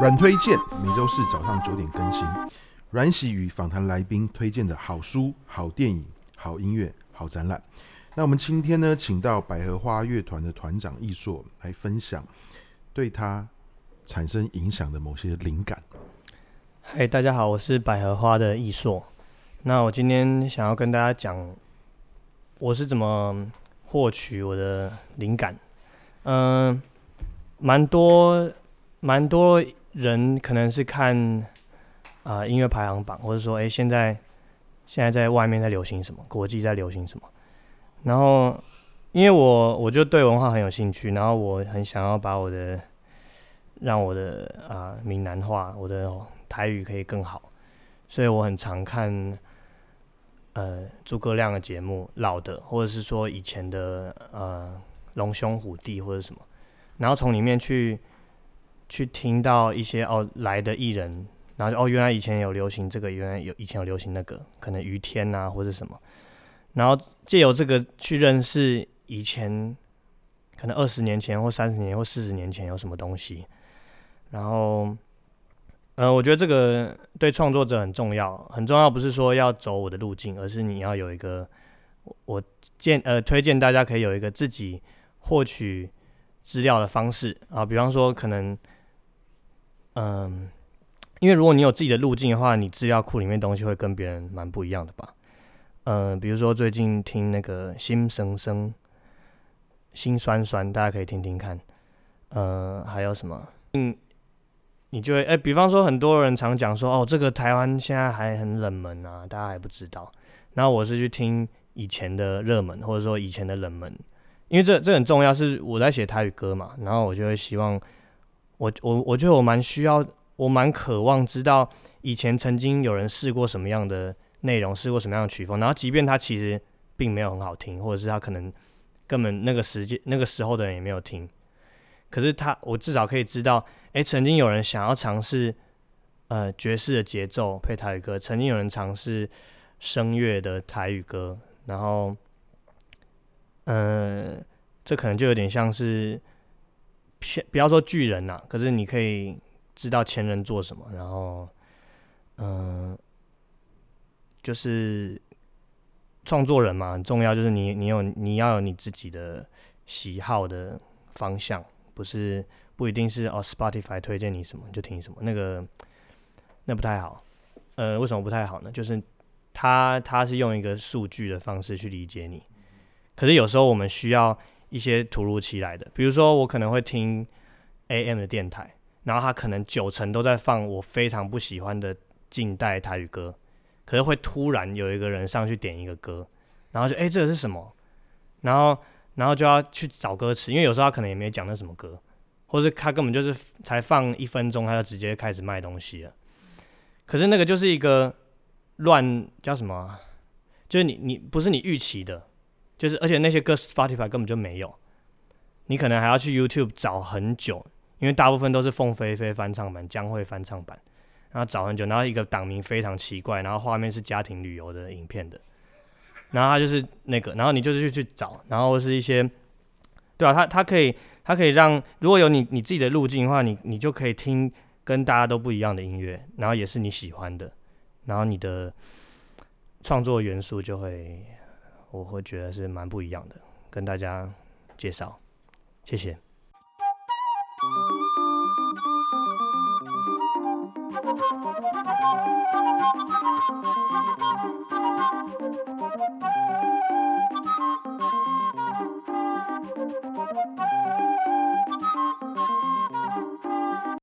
阮推薦每週四早上九點更新。阮璽與訪談來賓推薦的好書、好電影、好音樂、好展覽。那我們今天呢，請到百合花樂團的團長奕碩來分享，對他產生影響的某些靈感。嗨，hey, 大家好，我是百合花的奕碩。那我今天想要跟大家講，我是怎麼獲取我的靈感。嗯，蠻多蠻多人可能是看啊、呃、音樂排行榜，或者說誒、欸，現在現在在外面在流行什麼，國際在流行什麼。然後因為我我就對文化很有興趣，然後我很想要把我的讓我的啊閩南話我的。台語可以更好，所以我很常看呃豬哥亮的節目，老的或者是說以前的呃龍兄虎弟或者什麼，然後從裡面去去聽到一些哦來的藝人，然後哦原來以前有流行這個，原來有以前有流行那個，可能余天啊或者什麼，然後借由這個去認識以前可能二十年前或三十年或四十年前有什麼東西，然後，嗯、呃，我覺得這個對創作者很重要，很重要不是說要走我的路徑，而是你要有一個我建呃推薦大家可以有一個自己獲取資料的方式啊，比方說可能嗯、呃，因為如果你有自己的路徑的話，你資料庫裡面東西會跟別人蠻不一樣的吧。嗯、呃，比如說最近聽那個《心生生》、《心酸酸》，大家可以聽聽看。呃，還有什麼？嗯。你就會哎，比方說，很多人常講說，哦，這個台灣現在還很冷門啊，大家還不知道。然後我是去聽以前的熱門，或者說以前的冷門，因為這這很重要，是我在寫台語歌嘛。然後我就會希望，我我我覺得我蠻需要，我蠻渴望知道以前曾經有人試過什麼樣的內容，試過什麼樣的曲風。然後即便它其實並沒有很好聽，或者是他可能根本那個時間那個時候的人也沒有聽，可是他我至少可以知道。誒，曾經有人想要嘗試，呃，爵士的節奏配台語歌。曾經有人嘗試聲樂的台語歌，然後，呃，這可能就有點像是，比不要說巨人吶、啊，可是你可以知道前人做什麼，然後，嗯、呃，就是創作人嘛，很重要，就是你你有你要有你自己的喜好的方向。不是不一定是哦，Spotify 推薦你什麼就聽什麼，那個那不太好。呃，為什麼不太好呢？就是他他是用一個數據的方式去理解你，可是有時候我們需要一些突如其來的，比如說我可能會聽 AM 的電台，然後他可能九成都在放我非常不喜歡的近代台語歌，可是會突然有一個人上去點一個歌，然後就哎、欸、這個是什麼？然後。然後就要去找歌詞，因為有時候他可能也沒講那什麼歌，或者他根本就是才放一分鐘，他就直接開始賣東西了。可是那個就是一個亂叫什麼，就是你你不是你預期的，就是而且那些歌 Spotify 根本就沒有，你可能還要去 YouTube 找很久，因為大部分都是鳳飛飛翻唱版、江蕙翻唱版，然後找很久，然後一個檔名非常奇怪，然後畫面是家庭旅遊的影片的。然後他就是那個，然後你就是去去找，然後是一些，對吧？他他可以，他可以讓如果有你你自己的路徑的話，你你就可以聽跟大家都不一樣的音樂，然後也是你喜歡的，然後你的創作元素就會，我會覺得是蠻不一樣的，跟大家介紹，謝謝。